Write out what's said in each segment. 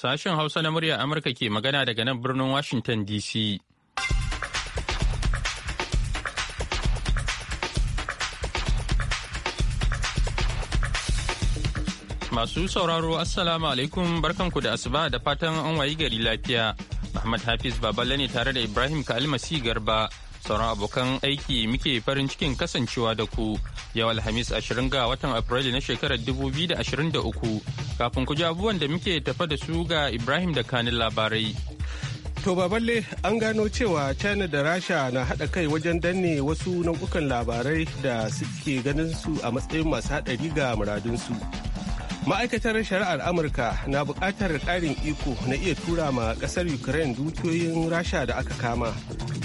Sashen Hausa na murya Amurka ke magana daga nan birnin Washington DC. Masu sauraro Assalamu alaikum barkanku da asuba da fatan an wayi gari lafiya. Muhammad Hafiz Baballe ne tare da Ibrahim Kalmasi Garba. Sauran abokan aiki muke farin cikin kasancewa da ku yau alhamis 20 ga watan afrilu na shekarar 2023 kafin ku ji abubuwan da muke tafa da su ga ibrahim da kanin labarai to baballe an gano cewa china da rasha na haɗa kai wajen danne wasu nau'ukan labarai da suke ganin su a matsayin masu haɗari ga muradunsu ma'aikatar shari'ar amurka na bukatar ƙarin iko na iya tura ma ƙasar ukraine dukiyoyin rasha da aka kama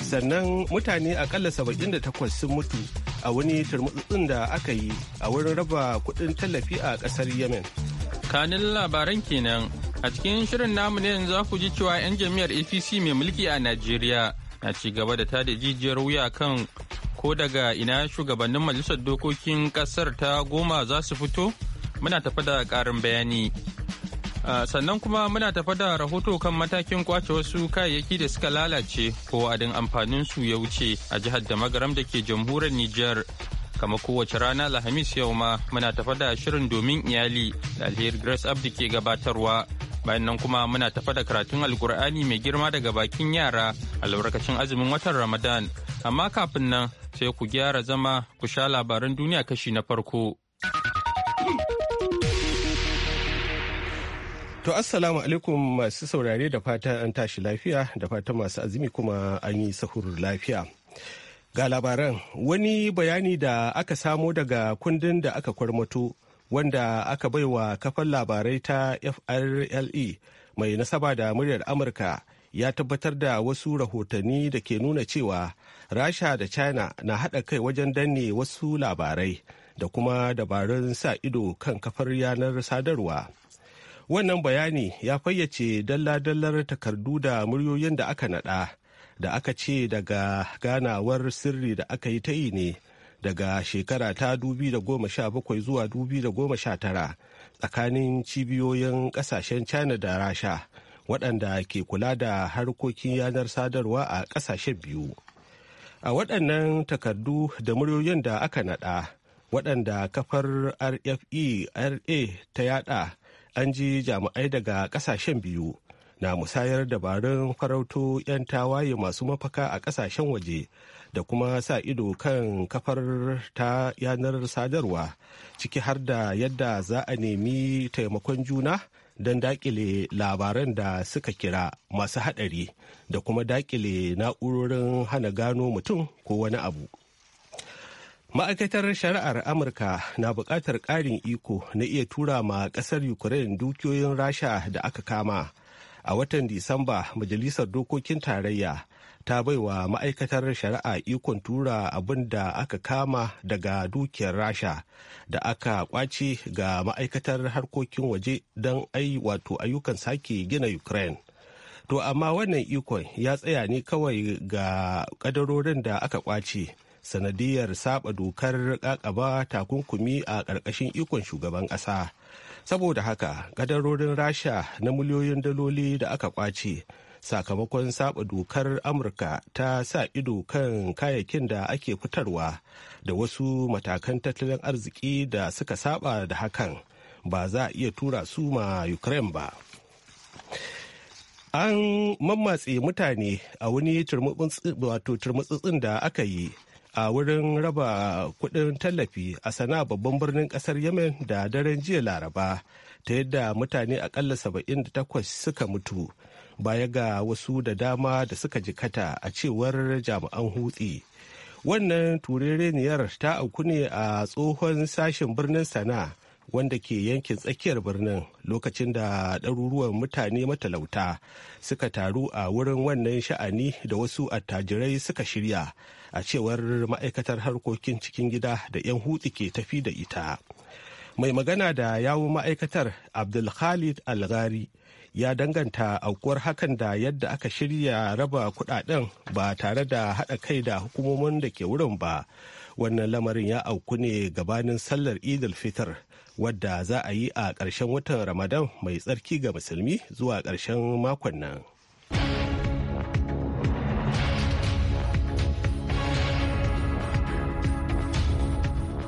sannan mutane akalla 78 sun mutu a wani turmutsutsun da aka yi a wurin raba kuɗin tallafi a ƙasar yemen kanin labaran kenan a cikin shirin namu ne za ku ji cewa 'yan jam'iyyar apc mai mulki a najeriya na ci gaba da tada jijiyar wuya kan ko daga ina shugabannin majalisar dokokin ƙasar ta goma za su fito muna tafi da karin bayani sannan kuma muna tafa da rahoto kan matakin kwace wasu kayayyaki da suka lalace ko adin amfanin su ya wuce a jihar da magaram da ke jamhuriyar Nijar. Kama kowace rana Alhamis yau ma muna tafa da shirin domin iyali da alheri Grace Abdi ke gabatarwa. Bayan nan kuma muna tafa da karatun Alkur'ani mai girma daga bakin yara a albarkacin azumin watan Ramadan. Amma kafin nan sai ku gyara zama ku sha labaran duniya kashi na farko. To assalamu alaikum masu saurare da fata an tashi lafiya da fata masu azumi kuma an yi sahur lafiya. Ga labaran wani bayani da aka samo daga kundin da aka kwarmato wanda aka baiwa kafar labarai ta FRLE mai nasaba da muryar Amurka ya tabbatar da wasu rahotanni da ke nuna cewa Rasha da China na haɗa kai wajen danne wasu labarai da kuma dabarun sa ido kan kafar yanar sadarwa. wannan bayani ya fayyace dalla-dallar takardu da muryoyin da aka nada da aka ce daga ganawar sirri da aka yi ta yi ne daga shekara ta bakwai zuwa sha tara tsakanin cibiyoyin kasashen china da rasha waɗanda ke kula da harkokin yanar sadarwa a ƙasashen biyu a waɗannan takardu da muryoyin da aka nada waɗanda kafar rfe ra ta yada an ji jami'ai daga kasashen biyu na musayar dabarun farauto 'yan tawaye masu mafaka a kasashen waje da kuma sa ido kan kafar ta yanar sadarwa ciki har da yadda za a nemi taimakon juna don dakile labaran da suka kira masu haɗari da kuma dakile na'urorin hana gano mutum ko wani abu. ma'aikatar shari'ar amurka na buƙatar ƙarin iko na iya tura ma ƙasar ukraine dukiyoyin rasha da aka kama a watan disamba majalisar dokokin tarayya ta baiwa ma'aikatar shari'a ikon tura abin da aka kama daga dukiyar rasha da aka kwace ga ma'aikatar harkokin waje don ai wato ayyukan sake gina ukraine to amma wannan ikon ya tsaya ne kawai ga kadarorin da aka kwace sanadiyar saba dokar kakaba takunkumi a ƙarƙashin ikon shugaban ƙasa saboda haka kadarorin rasha na miliyoyin daloli da aka kwace sakamakon saba dokar amurka ta sa ido kan kayayyakin da ake fitarwa da wasu matakan tattalin arziki da suka saba da hakan ba za a iya tura su ma ukraine ba an mammatse mutane a wani turmutsutsun da aka yi a wurin raba kuɗin tallafi a sana babban birnin ƙasar yemen da daren jiya laraba ta yadda mutane akalla 78 suka mutu baya ga wasu da dama da suka jikata a cewar jami'an hutsi wannan turereniyar ta auku ne a tsohon sashen birnin sana'a wanda ke yankin tsakiyar birnin lokacin da ɗaruruwan mutane matalauta suka taru a wurin wannan sha'ani da wasu attajirai suka shirya a cewar ma'aikatar harkokin cikin gida da 'yan hutsi ke tafi da ita mai magana da yawun ma'aikatar abdulkhalid alghari ya danganta aukuwar hakan da yadda aka shirya raba kudaden ba tare da haɗa kai da hukumomin da ke wurin ba wannan lamarin ya auku ne gabanin sallar idul fitar. wadda za a yi a ƙarshen watan Ramadan mai tsarki ga musulmi zuwa ƙarshen makon nan.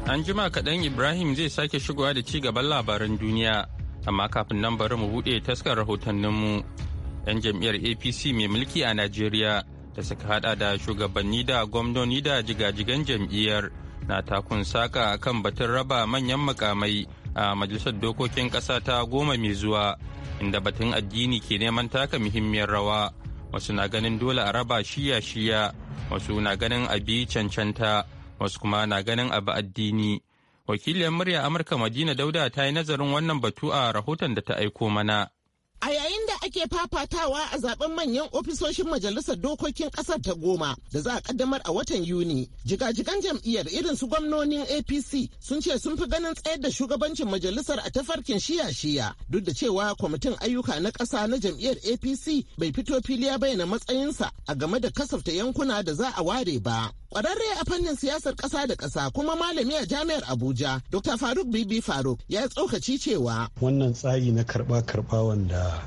An jima kaɗan Ibrahim zai sake shigowa da ci gaban labaran duniya, amma kafin nan bari mu buɗe taskar rahotanninmu. 'Yan jam'iyyar APC mai mulki a Najeriya da suka hada da shugabanni da gwamnoni da jigajigan jam'iyyar na takun saka kan batun raba manyan makamai a majalisar dokokin ƙasa ta goma mai zuwa inda batun addini ke neman taka muhimmiyar rawa wasu na ganin dole a raba shiya-shiya wasu na ganin abi cancanta wasu kuma na ganin abu addini wakiliyar murya amurka madina dauda ta yi nazarin wannan batu a rahoton da ta aiko mana a yayin da ake fafatawa a zaben manyan ofisoshin majalisar dokokin kasar ta goma da za a kaddamar a watan Yuni. Jigajigan jam'iyyar irin su gwamnonin APC sun ce sun fi ganin tsayar da shugabancin majalisar a tafarkin shiya-shiya duk da cewa kwamitin ayyuka na ƙasa na jam'iyyar APC bai fito filiya bayyana matsayinsa a game da kasafta yankuna da za a ware ba. Kwararre a fannin siyasar ƙasa da ƙasa kuma malami a jami'ar Abuja, Dr. Faruk Bibi Faruk ya tsokaci cewa. Wannan tsari na karɓa-karɓa wanda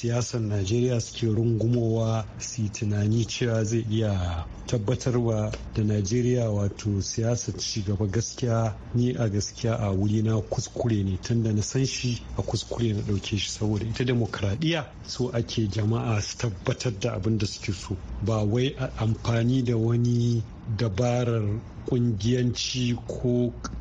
siyasar najeriya suke rungumowa su tunani cewa zai iya tabbatarwa da najeriya wato siyasar gaba gaskiya ni a gaskiya a wuri na kuskure ne tunda na san shi a kuskure na ɗauke shi saboda ita demokradiya so ake jama'a su tabbatar da abin da suke so ba wai amfani da wani dabarar kungiyanci ko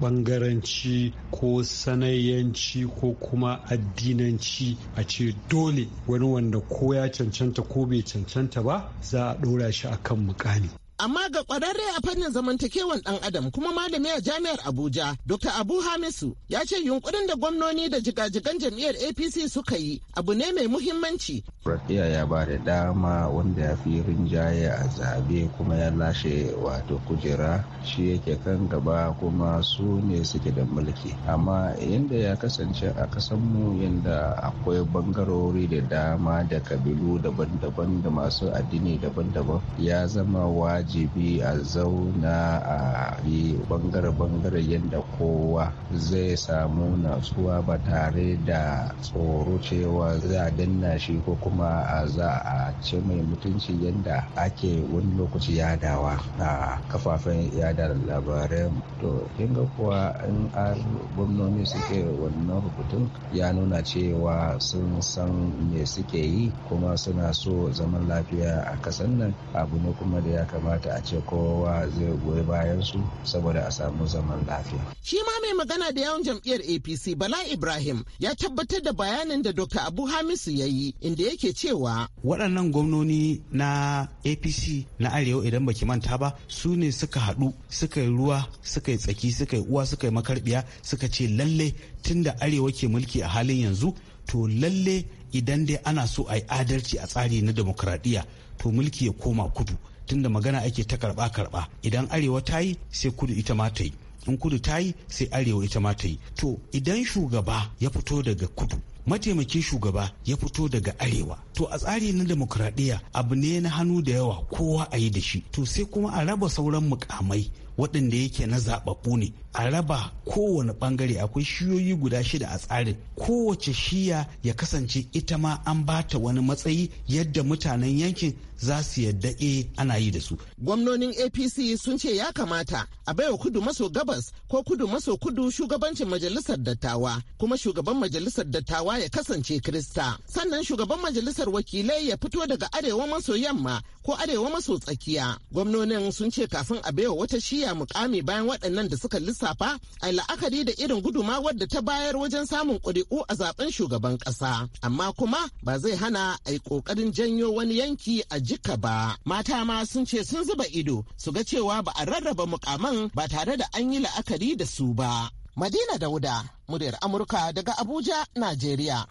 bangaranci ko sanayyanci ko kuma addinanci a ce dole wani wanda ko ya cancanta ko bai cancanta ba za a ɗora shi akan mukami amma ga kwararre a fannin zamantakewan dan adam kuma malami a jami'ar abuja dr abu hamisu ya ce yunkurin da gwamnoni da jigajigan jam'iyyar apc suka yi abu ne mai muhimmanci Rafiya ya ba da dama wanda ya fi rinjaye a zabe kuma ya lashe wato kujera shi yake kan gaba kuma su ne suke da mulki amma yadda ya kasance a mu yadda akwai bangarori da dama da kabilu daban-daban da masu addini daban-daban ya zama waje. wajibi a zauna a yi bangare-bangare yadda kowa zai samu natsuwa ba tare da tsoro cewa za a danna shi ko kuma a za a ce mai mutunci yadda ake wani lokaci yadawa a kafafen yada labarai to kinga kuwa in an gwamnoni suke wannan rubutun ya nuna cewa sun san me suke yi kuma suna so zaman lafiya a kasan nan abu ne kuma da ya kamata kamata a ce kowa zai goyi bayan su saboda a samu zaman lafiya. Shi ma mai magana da yawon jam'iyyar APC Bala Ibrahim ya tabbatar da bayanin da Dr. Abu Hamisu ya yi inda yake cewa. Waɗannan gwamnoni na APC na Arewa idan baki manta ba su ne suka haɗu suka yi ruwa suka yi tsaki suka yi uwa suka yi makarbiya suka ce lalle tunda Arewa ke mulki a halin yanzu to lalle idan dai ana so a yi adalci a tsari na demokradiyya to mulki ya koma kudu tunda magana ake ta karba karba idan arewa ta yi sai kudu ita ma ta yi in kudu ta yi sai arewa ita ma ta yi to idan shugaba ya fito daga kudu mataimakin shugaba ya fito daga arewa to a tsari na demokuraɗiyya abu ne na hannu da yawa kowa a yi da shi to sai kuma a raba sauran mukamai waɗanda yake na zaɓaɓɓu ne a raba kowane ɓangare akwai shiyoyi guda shida a tsarin kowace shiya ya kasance ita ma an bata wani matsayi yadda mutanen yankin za su yadda e ana yi da su. Gwamnonin APC sun ce ya kamata a baiwa kudu maso gabas ko kudu maso kudu shugabancin majalisar dattawa kuma shugaban majalisar dattawa ya kasance Krista. Sannan shugaban majalisar wakilai ya fito daga arewa maso yamma ko arewa maso tsakiya. Gwamnonin sun ce kafin a baiwa wata shiya mukami bayan waɗannan da suka lissafa a la'akari da irin gudumawar da ta bayar wajen samun ƙuri'u a zaben shugaban ƙasa. Amma kuma ba zai hana a yi ƙoƙarin janyo wani yanki a jika ba mata ma sun ce sun zuba ido su ga cewa ba a rarraba mukaman ba tare da an yi la'akari da su ba madina dauda muryar amurka daga abuja najeriya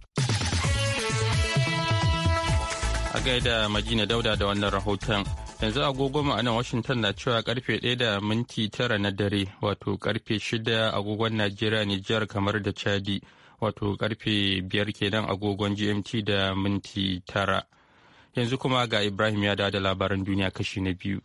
a gaida madina dauda da wannan rahoton yanzu agogo a nan washington na cewa karfe 1 da minti 9 na dare wato karfe 6 agogon najeriya nijar kamar da chadi wato karfe 5 kenan agogon gmt da minti 9 yanzu kuma ga ibrahim ya da labaran duniya kashi na biyu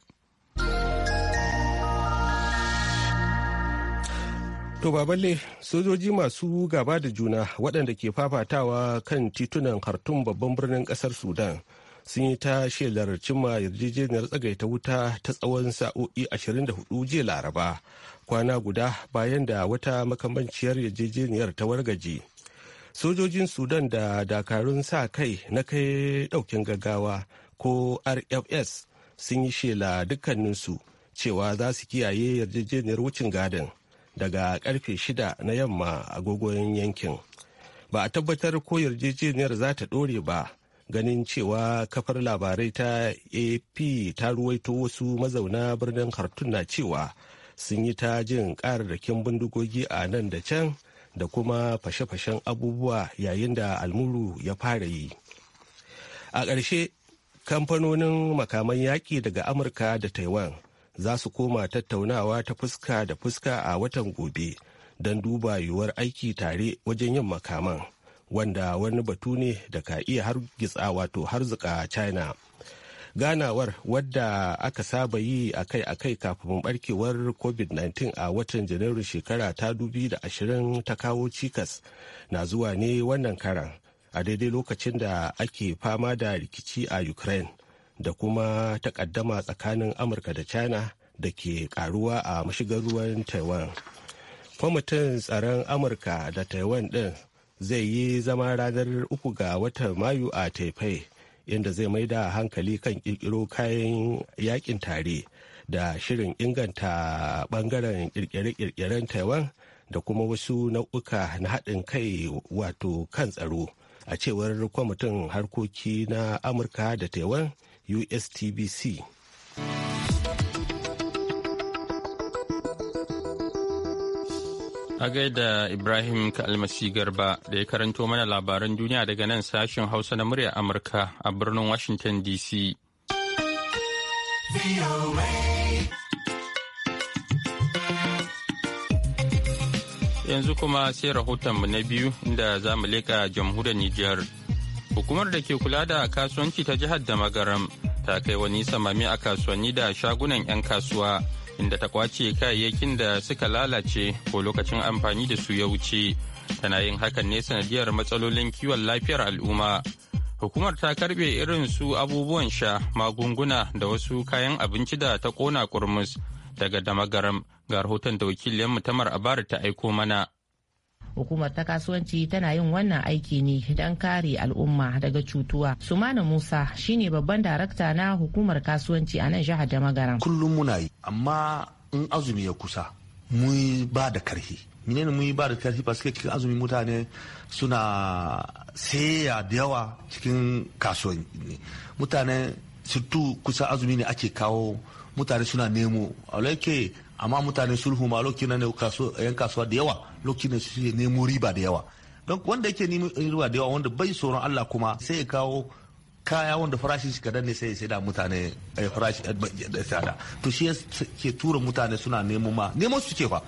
To baballe sojoji masu gaba da juna waɗanda ke fafatawa kan titunan hartun babban birnin ƙasar Sudan sun yi ta shelar cimma yarjejeniyar tsagaita wuta ta tsawon sa'o'i 24 jiya Laraba kwana guda bayan da wata makamanciyar yarjejeniyar ta wargaje. sojojin sudan da dakarun sa kai na kai daukin gaggawa ko rfs sun yi shela dukkaninsu cewa za su kiyaye yarjejeniyar wucin gadin daga karfe shida na yamma agogon yankin ba a tabbatar ko yarjejeniyar za ta ɗore ba ganin cewa kafar labarai ta ap ta ruwaito wasu mazauna birnin khartoum na cewa sun yi ta jin ƙararrakin bindigogi a nan da can da kuma fashe-fashen abubuwa yayin da almuru ya fara yi a ƙarshe kamfanonin makaman yaƙi daga amurka da taiwan za su koma tattaunawa ta fuska da fuska a watan gobe don duba yiwuwar aiki tare wajen yin makaman wanda wani batu ne da ka iya hargitsa wato zuka china ganawar wadda aka saba yi akai-akai kafin barkewar covid-19 a watan janairun shekara ta dubi da ashirin ta kawo cikas na zuwa ne wannan karan a daidai lokacin da ake fama da rikici a ukraine da kuma takaddama tsakanin amurka da china da ke karuwa a mashigar ruwan taiwan kwamitin tsaron amurka da taiwan din zai yi zama ranar uku ga watan mayu a taipei inda zai mai da hankali kan kirkiro kayan yakin tare da shirin inganta bangaren kirkire-kirkiren taiwan da kuma wasu nau'uka na haɗin kai wato kan tsaro a cewar kwamitin harkoki na amurka da taiwan ustbc A gaida Ibrahim Kalmasi Garba da ya karanto mana labaran duniya daga nan sashen Hausa na murya Amurka a birnin Washington DC. Yanzu kuma sai rahotonmu na biyu inda za mu leƙa jamhuriyar Nijar. Hukumar da ke kula da kasuwanci ta jihar da magaram ta kai wani samami a kasuwanni da shagunan 'yan kasuwa. inda ta kwace kayayyakin da suka lalace ko lokacin amfani da su ya wuce tana yin hakan ne sanadiyar matsalolin kiwon lafiyar al'umma hukumar ta karbe irin su abubuwan sha magunguna da wasu kayan abinci da ta kona kurmus daga damagaram ga rahoton da wakiliyar mutamar abar ta aiko mana Hukumar ta kasuwanci tana yin wannan aiki ne don kare al'umma daga cutuwa. Sumana Musa shine babban darakta na hukumar kasuwanci a nan jihar da magaran. Kullum muna yi, amma in azumi ya kusa, mun ba da karhi. menene mun ba da karfi ba cikin azumi mutane suna saya da yawa cikin kasuwanci mutane sirtu kusa azumi ne ake kawo mutane suna nemo alaike amma mutane sulhu ma lokacin ne yan kasuwa da yawa lokacin ne suke nemo riba da yawa don wanda yake nemo riba da yawa wanda bai tsoron Allah kuma sai ya kawo kaya wanda farashi shi kadan ne sai sai da mutane eh, farashi da eh, tsada to shi ke tura mutane suna nemo ma nemo su ke fa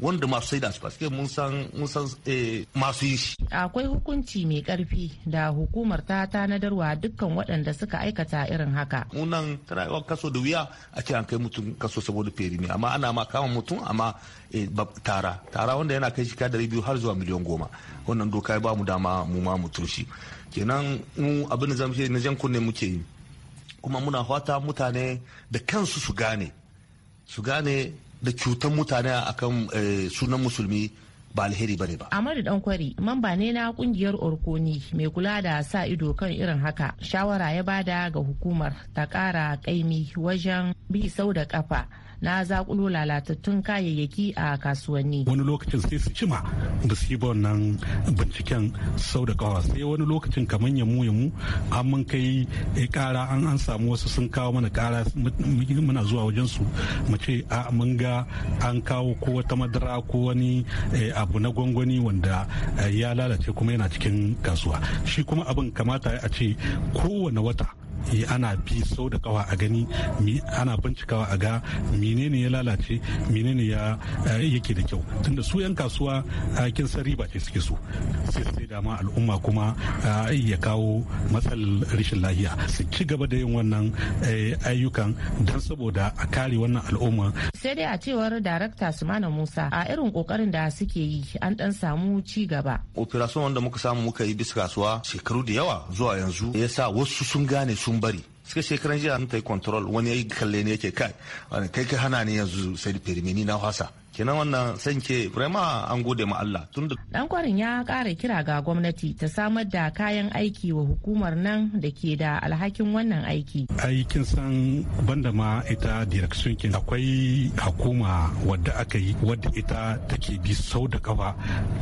wanda masu sai da su paske mun san mun san eh, masu yi shi akwai hukunci mai karfi da hukumar ta tanadarwa dukkan waɗanda suka aikata irin haka munan tana yawan kaso da wuya a ce an kai mutum kaso saboda firime amma ana ma kama mutum amma tara tara wanda yana kai shi dari biyu har zuwa miliyan goma wannan doka ya ba mu dama mu ma mutum shi kenan abin da zamu na jan kunne muke yi kuma muna fata mutane da kansu su gane su gane da cutar mutane akan eh, sunan musulmi ba alheri bane ba. Amadu kwari mamba ne na kungiyar Orkoni mai kula da sa ido kan irin haka shawara ya bada ga hukumar ta kara kaimi wajen bi sau da kafa na zakulo lalatattun kayayyaki a kasuwanni wani lokacin sai su cima da su yi wannan binciken sau da kawa sai wani lokacin kamar yamu yamu an mun kai kara eh, an an samu wasu sun kawo mana kara muna zuwa wajen su mu ce a mun ga an kawo ko wata madara ko wani eh, abu na gwangwani wanda eh, ya lalace kuma yana cikin kasuwa shi kuma abin kamata a ce kowane wata E, ana bi sau da kawa a gani ana bincikawa a ga menene ya lalace menene ya eh, yake da kyau tunda su 'yan kasuwa eh, kin san riba ce suke so sai sai dama al'umma kuma eh, ya kawo matsal rashin lahiya su ci gaba da yin wannan ayyukan don saboda a kare wannan al'umma sai dai a cewar darakta sumana musa a irin kokarin da suke yi an dan samu ci gaba operation wanda muka samu muka yi bisa kasuwa shekaru da yawa zuwa yanzu ya sa wasu sun gane su sun bari suka shekaran jiya mun ta yi control wani ya yi kalle ne yake kai kai ka hana ni yanzu sai firimini na hasa kenan wannan sanke vraiment an gode ma Allah tun da dan kwarin ya kara kira ga gwamnati ta samar da kayan aiki wa hukumar nan da ke da alhakin wannan aiki aikin san banda ma ita direction kin akwai hukuma wadda aka yi wadda ita take bi sau da kafa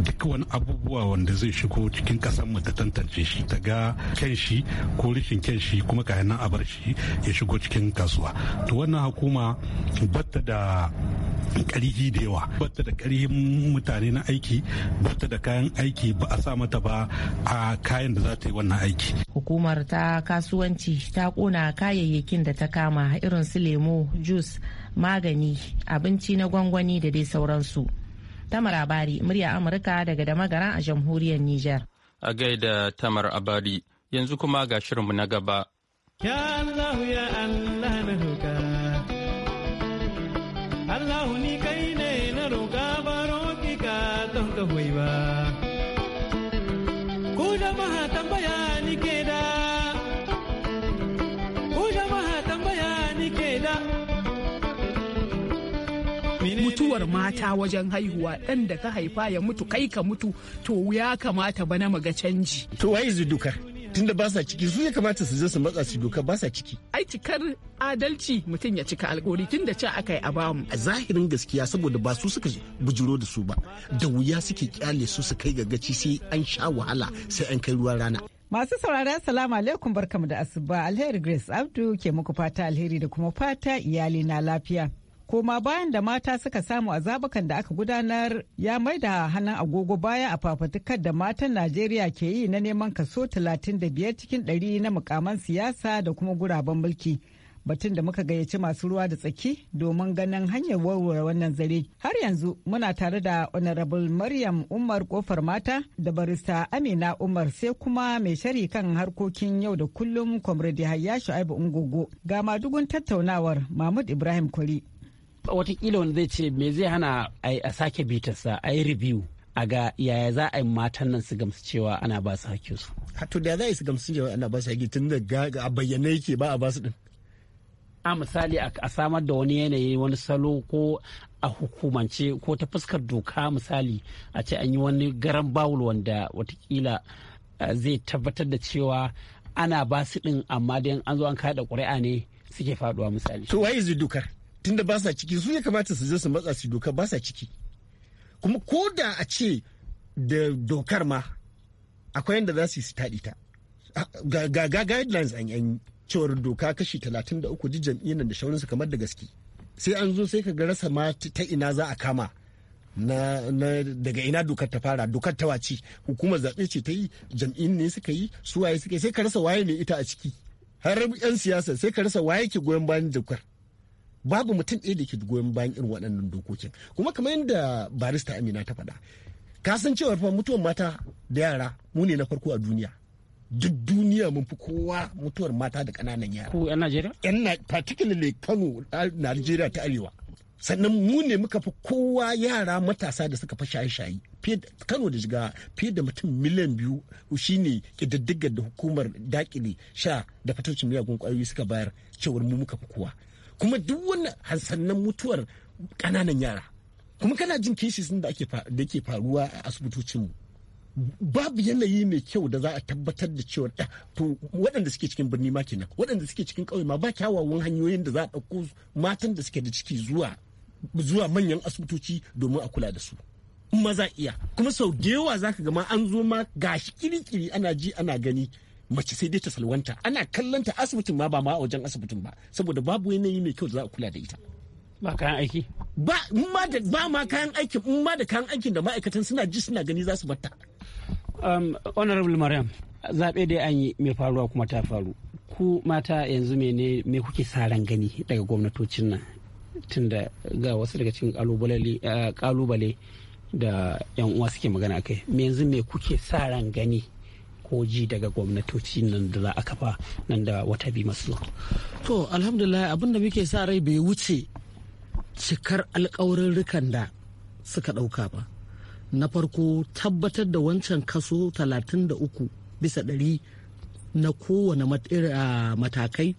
duk wani abubuwa wanda zai shigo cikin kasan mu ta tantance shi ta ga kyan shi ko rishin kyan shi kuma kayan nan a bar shi ya shigo cikin kasuwa to wannan hukuma batta da ƙarfi da yawa bata da ƙarfin mutane na aiki bata da kayan aiki ba a sa mata ba a kayan da za ta yi wannan aiki hukumar ta kasuwanci ta kona kayayyakin da ta kama irin su lemo jus magani abinci na gwangwani da dai sauransu tamar abari murya amurka daga da magara a jamhuriyar niger a gaida tamar abari yanzu kuma ga shirinmu na gaba ya ya allah na roka allahu ni da bai ba. Ku tambaya ni ke da, ku jama'a tambaya ni ke da. Mutuwar mata wajen haihuwa ɗan da ka haifa ya mutu kai ka mutu to ya kamata bana maga canji. To wai dukar. tunda ba sa ciki su ya kamata su je su matsa su doka ba sa ciki ai cikar adalci mutum ya cika alkawari da ce aka yi a bamu a zahirin gaskiya saboda ba su suka bujuro da su ba da wuya suke kyale su su kai gagaci sai an sha wahala sai an kai ruwan rana Masu saurari salam alaikum barkamu da asuba alheri Grace Abdu ke muku fata alheri da kuma fata iyali na lafiya. koma bayan da mata suka samu a da aka gudanar ya maida hannun agogo baya a fafatukar da matan najeriya ke yi na neman kaso 35 cikin 100 na mukaman siyasa da kuma guraben mulki batun da muka gayyaci masu ruwa da tsaki domin ganin hanyar warware wannan zare har yanzu muna tare da honorable maryam umar kofar mata da barista amina umar sai kuma mai shari kan harkokin yau da kullum comrade hayya shu'aibu ungogo ga madugun tattaunawar mahmud ibrahim kwari watakila wanda zai ce me zai hana a sake bitarsa a yi review a ga yaya za a yi matan nan su gamsu cewa ana ba su hakki su. Hato da za a yi su gamsu cewa ana ba su hakki tun da a bayyana yake ba a ba su din. A misali a samar da wani yanayi wani salo ko a hukumance ko ta fuskar doka misali a ce an yi wani garan bawul wanda watakila zai tabbatar da cewa ana ba su din amma dai an zo an kada ƙuri'a ne suke faduwa misali. To wai dokar? tunda ba sa ciki su ya kamata su je su matsa su doka ba sa ciki kuma ko da a ce da dokar ma akwai yadda za su yi su taɗi ta ga guidelines an yi cewar doka kashi 33 ji jam'iyyar da shaurinsu kamar da gaske sai an zo sai ka ga rasa ma ta ina za a kama na, daga ina dokar ta fara dokar ta wace hukumar zaɓe ce ta yi jam'in ne suka yi suwaye suka yi sai ka rasa waye ne ita a ciki har yan siyasa sai ka rasa waye ke goyon bayan dokar babu mutum ɗaya da ke goyon bayan irin waɗannan dokokin kuma kamar yadda barista amina ta faɗa ka san cewa fa mutuwar mata da yara mu ne na farko a duniya duk duniya mun fi kowa mutuwar mata da ƙananan yara ko yan najeriya yan particularly kano najeriya ta arewa sannan mu ne muka fi kowa yara matasa da suka fi shaye-shaye kano da shiga fiye da mutum miliyan biyu shi ne ƙididdigar da hukumar daƙile sha da fatocin miyagun ƙwayoyi suka bayar cewar mu muka fi kowa kuma duk wannan sannan mutuwar ƙananan yara kuma kana jin cases da ake ke faruwa a asibitocinmu babu yanayi mai kyau da za a tabbatar da cewa ah, to waɗanda suke cikin birni ma kenan waɗanda suke cikin ƙauye ma ba kyawawan hanyoyin da za a ɗauko matan da suke da ciki zuwa manyan asibitoci domin a kula da su maza iya kuma sau da yawa zaka ga ma an zo ma gashi kirikiri ana ji ana gani mace sai dai ta salwanta ana kallon ta asibitin ma ba ma a wajen asibitin ba saboda babu yanayi mai kyau da za a kula da ita ba kayan aiki ba ma da ba ma kayan aiki in ma da kayan aikin da ma'aikatan suna ji suna gani za su batta um, honorable maryam zaɓe dai an yi mai faruwa kuma ta faru ku mata yanzu ne me kuke sa ran gani daga gwamnatocin nan tunda ga wasu daga cikin kalubale eh, da yan uwa suke magana akai me yanzu me kuke sa ran gani ko ji daga gwamnatoci nan da za a kafa nan da wata bi masu to alhamdulillah abin da muke sa rai bai wuce cikar alkawarin da suka ɗauka ba na farko tabbatar da wancan kaso 33 bisa ɗari na kowane matakai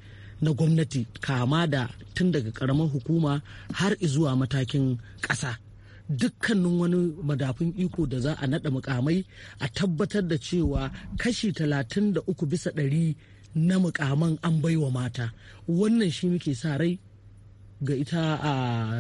na gwamnati kama da tun daga karamar hukuma har zuwa matakin ƙasa dukkanin wani madafin iko da za a naɗa mukamai a tabbatar da cewa kashi talatin da uku bisa ɗari na mukaman an baiwa mata wannan shi muke sa rai ga ita a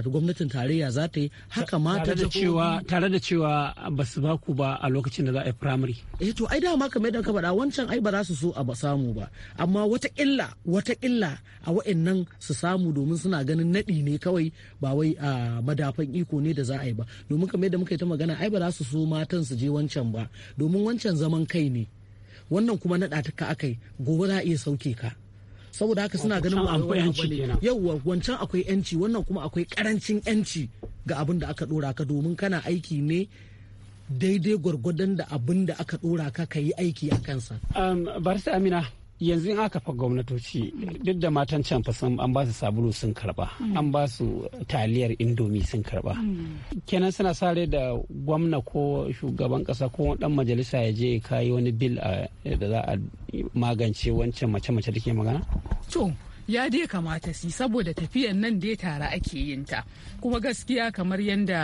gwamnatin tarayya za ta yi haka ma ta cewa tare da cewa ba su ba ku ba a lokacin da za a yi firamare. eh to ai dama kamar yadda ka faɗa wancan ai ba za su so a ba samu ba amma wata illa wata illa a wa'annan su samu domin suna ganin naɗi ne kawai ba wai a madafan iko ne da za a yi ba domin kamar yadda muka yi ta magana ai ba za su so matan su je wancan ba domin wancan zaman kai ne wannan kuma naɗa ta ka akai gobe za a iya sauke ka. saboda haka suna ganin yau wancan akwai yanci wannan kuma akwai karancin yanci ga abin da aka dora ka domin kana aiki ne daidai gwargwadon da abin da aka dora ka ka yi aiki a kansa. Um, barista amina yanzu in aka fa gwamnatoci duk da matan can fa an ba su sabulu sun karba mm. an ba su taliyar indomi sun karba mm. kenan suna sare da gwamna ko shugaban kasa ko dan majalisa ya je kayi wani bil da za a magance wancan mace-mace da ke magana to ya dai kamata si saboda tafiyan nan dai tara ake yin ta kuma gaskiya kamar yadda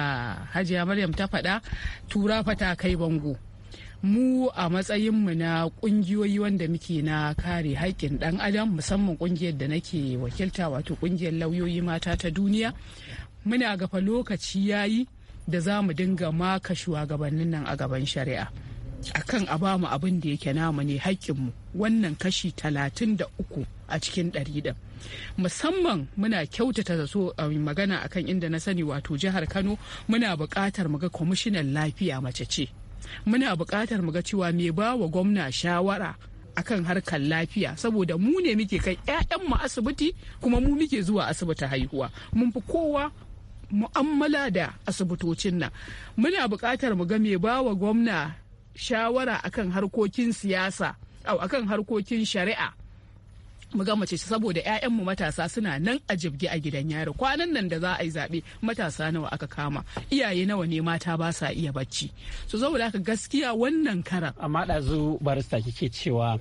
hajiya maryam ta faɗa tura fa ta kai bango mu a matsayinmu na kungiyoyi wanda muke na kare haƙƙin ɗan adam musamman ƙungiyar da nake wakilta wato ƙungiyar lauyoyi mata ta duniya muna gafa lokaci yayi da za mu dinga maka shugabannin nan a gaban shari'a akan a ba mu abin da yake namu ne haƙƙinmu wannan kashi talatin da uku a cikin ɗari ɗin musamman muna kyautata da so magana akan inda na sani wato jihar kano muna buƙatar mu ga kwamishinan lafiya mace ce muna buƙatar mu ga cewa me ba wa gwamna shawara akan harkar lafiya saboda mu ne muke kai mu asibiti kuma mu muke zuwa asibiti haihuwa mun fi kowa mu'amala da asibitocin nan muna buƙatar mu ga me ba wa gwamna shawara akan harkokin siyasa au akan harkokin shari'a mu ga mace saboda mu matasa suna nan a jibgi a gidan yaro kwanan nan da za a yi zaɓe matasa nawa aka kama iyaye nawa ne mata ba sa iya bacci so saboda haka gaskiya wannan karan amma ɗazu barista kike cewa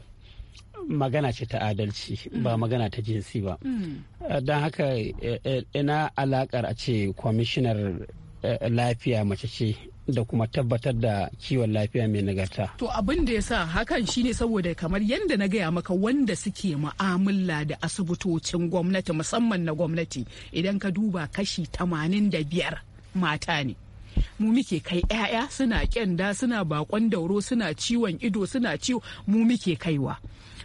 magana ce ta adalci ba mm. magana ta jinsi ba mm. don haka e, e, ina alakar a ce kwamishinar Eh, lafiya mace ce da kuma tabbatar da kiwon lafiya mai nagarta. To abin da ya sa hakan shine saboda kamar yadda na gaya maka wanda suke mu'amala da asibitocin gwamnati musamman na gwamnati idan ka duba kashi tamanin da biyar mata ne. mu muke kai 'ya'ya suna kyanda suna bakon dauro suna ciwon ido suna ciwo mu muke kaiwa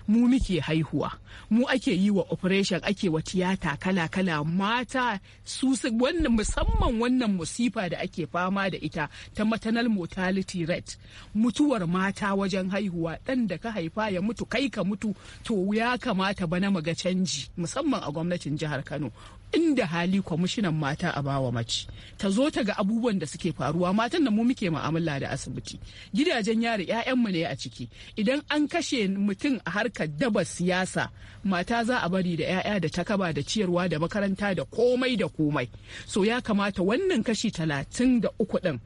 mu muke haihuwa mu ake yi wa operation ake wa tiyata kala-kala mata su wannan musamman wannan musifa da ake fama da ita ta maternal mortality rate mutuwar mata wajen haihuwa ɗan da ka haifa ya mutu kai ka mutu to ya kamata bana maga canji musamman a gwamnatin jihar kano inda hali kwamishinan mata a bawa mace ta zo ta ga abubuwan da suke faruwa matan da mu muke mu'amala da asibiti gidajen yari mu ne a ciki idan an kashe mutum a harkar aka daba siyasa mata za a bari da 'ya'ya da takaba da ciyarwa da makaranta da komai da komai so ya kamata wannan kashi talatin da uku ɗin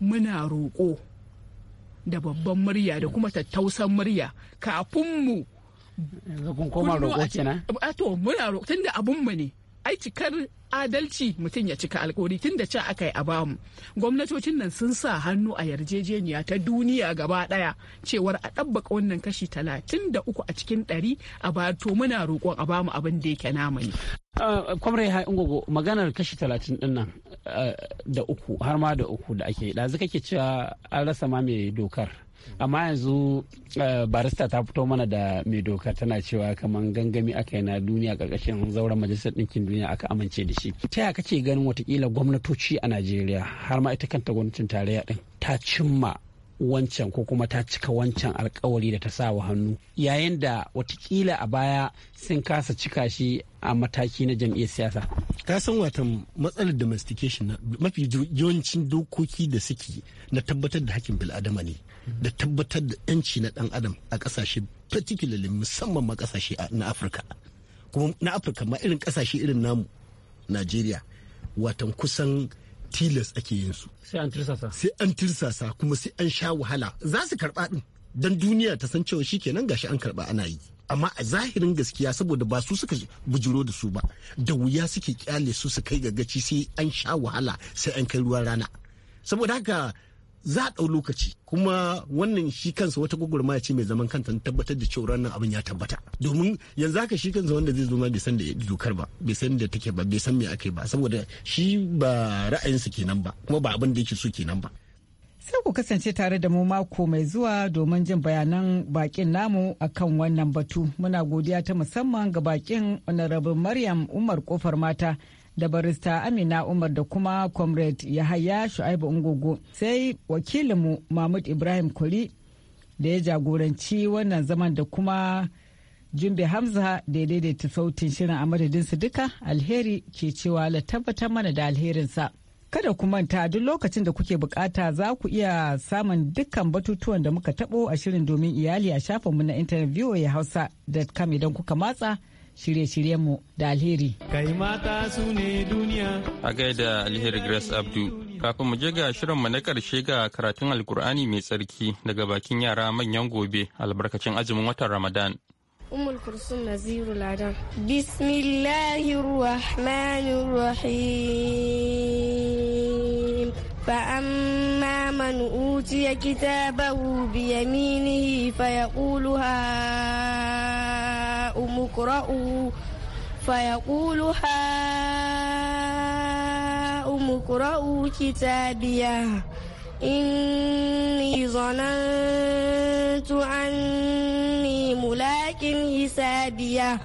muna roƙo da babban murya da kuma tattausan murya kafin mu kun koma roƙo kenan a muna roƙo tunda abun mu ne ai cikar adalci mutum ya cika alkawari tun da ca aka yi a bamu gwamnatocin nan sun sa hannu a yarjejeniya ta duniya gaba daya cewar a ɗabbaka wannan kashi talatin da uku a cikin ɗari a bato muna roƙon a bamu abin da yake namu ne. kwamre ha gogo maganar kashi talatin din nan eh, da uku har ma da uku da ake yi ɗazu kake cewa an rasa ma mai dokar amma yanzu eh, barista ta fito mana da mai doka tana cewa kamar gangami aka yi na duniya karkashin zauren majalisar ɗinkin duniya aka amince da shi ta yaya kake ganin watakila gwamnatoci a najeriya har ma ita kanta gwamnatin tarayya ɗin ta cimma wancan ko kuma ta cika wancan alkawari da ta sa wa hannu yayin da watakila a baya sun kasa cika shi a mataki na jam'iyyar siyasa ka san watan matsalar domestication na mafi yawancin dokoki da suke na tabbatar da hakkin bil'adama ne da tabbatar da 'yanci na dan adam a kasashe particularly musamman ma kasashe na afirka kuma na afirka ma irin kasashe irin namu najeriya watan kusan tilas ake yin su sai an tirsasa kuma sai an sha wahala za su karba din don duniya ta san cewa shikenan gashi an karba ana yi amma a zahirin gaskiya saboda ba su suka bujuro da su ba da wuya suke kyale su su kai gagaci sai an sha wahala sai an kai ruwan rana saboda haka za a ɗau lokaci kuma wannan shi kansa wata gwagwarmaya ce mai zaman kanta tabbatar da cewa ranar abin ya tabbata domin yanzu haka shi kansa wanda zai zo ma bai san da dokar ba bai san da take ba bai san me yi ba saboda shi ba ra'ayinsa kenan ba kuma ba abin da yake so kenan ba sai ku kasance tare da mu mako mai zuwa domin jin bayanan bakin namu akan wannan batu muna godiya ta musamman ga bakin honorable maryam umar kofar mata da barista amina umar da kuma comrade yahaya shu'aibu ungogo sai wakilinmu mahmud ibrahim kuri da ya jagoranci wannan zaman da kuma jimbe hamza da ya daidaita sautin shirin a madadinsu duka alheri ke cewa la tabbatar mana da alherinsa kada ku manta duk lokacin da kuke bukata za ku iya samun dukkan batutuwan da muka tabo a shirin domin iyali a shafinmu na intanet hausa.com idan kuka matsa shirye-shiryenmu da alheri. Kai mata ne duniya. A gaida alheri Grace Abdu. Kafin mu je ga shirinmu na ƙarshe ga karatun Alkur'ani mai tsarki daga bakin yara manyan gobe albarkacin azumin watan Ramadan. Umul Kursun Naziru Ladan. Bismillahirrahmanirrahim. فأما من أوتي كتابه بيمينه فيقول هَٰذَا ام اقرأ فيقول هاؤم اقرأوا كتابيه إني ظننت أني ملاك حسابيه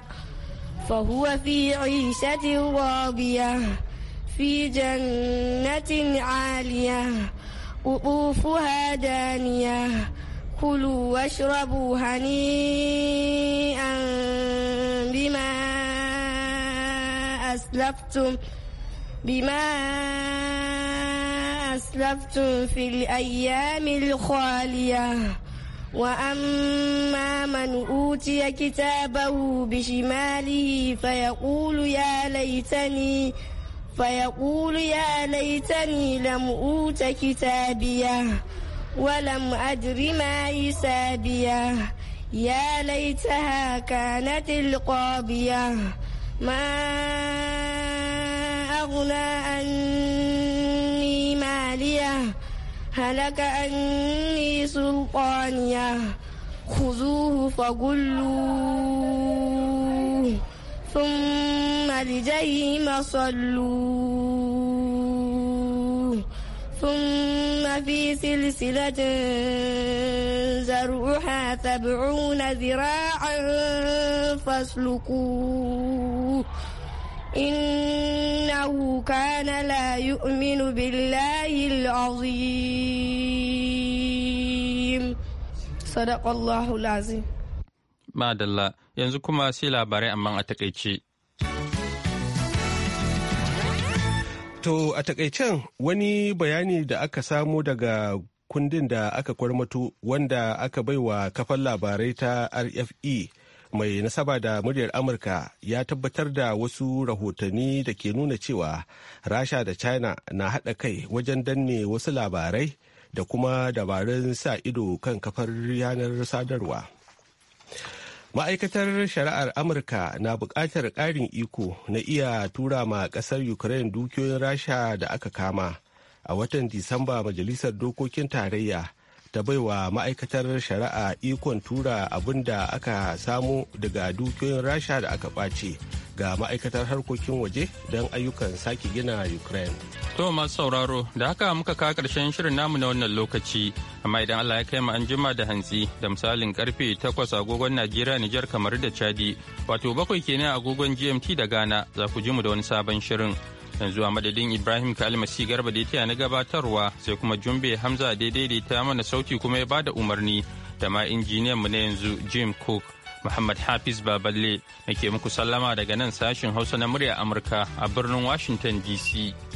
فهو في عيشة راضية في جنة عالية قطوفها دانيه كلوا واشربوا هنيئا بما أسلفتم بما أسلفتم في الأيام الخالية وأما من أوتي كتابه بشماله فيقول يا ليتني فيقول يا ليتني لم أوت كتابيه ولم أدر ما حسابيه يا ليتها كانت القاضية ما أغنى عني مالية هلك عني سلطانية خذوه فقلوه ثم لجيم صلوه ثم في سلسلة زرعها سبعون ذراعا فاسلكوه إنه كان لا يؤمن بالله العظيم صدق الله العظيم ما دلّا ينزكما سيلا باري أمان أتكيتشي to a takaicen wani bayani da aka samo daga kundin da aka kwarmato wanda aka baiwa kafar labarai ta RFE mai nasaba da muryar Amurka ya tabbatar da wasu rahotanni da ke nuna cewa Rasha da China na haɗa kai wajen danne wasu labarai da kuma dabarun sa ido kan kafar yanar sadarwa. ma'aikatar shari'ar amurka na buƙatar ƙarin iko na iya tura ma ƙasar ukraine dukiyoyin rasha da aka kama a watan disamba majalisar dokokin tarayya ta baiwa ma'aikatar shari'a ikon tura abin da aka samu daga dukiyoyin rasha da aka ɓace ga ma'aikatar harkokin waje don ayyukan sake gina Ukraine. To masu sauraro da haka muka kawo karshen shirin namu na wannan lokaci amma idan Allah ya kai mu an jima da hantsi da misalin karfe 8 agogon Najeriya Nijar kamar da Chadi wato bakwai kenan agogon GMT da Ghana za ku ji mu da wani sabon shirin. yanzu a madadin ibrahim kalmasi garba da ya na gabatarwa sai kuma jumbe hamza daidai da ta mana sauti kuma ya bada umarni da ma injiniyan mu na yanzu jim cook Muhammad Hafiz Baballe nake muku sallama daga nan sashin Hausa na murya Amurka a birnin Washington DC.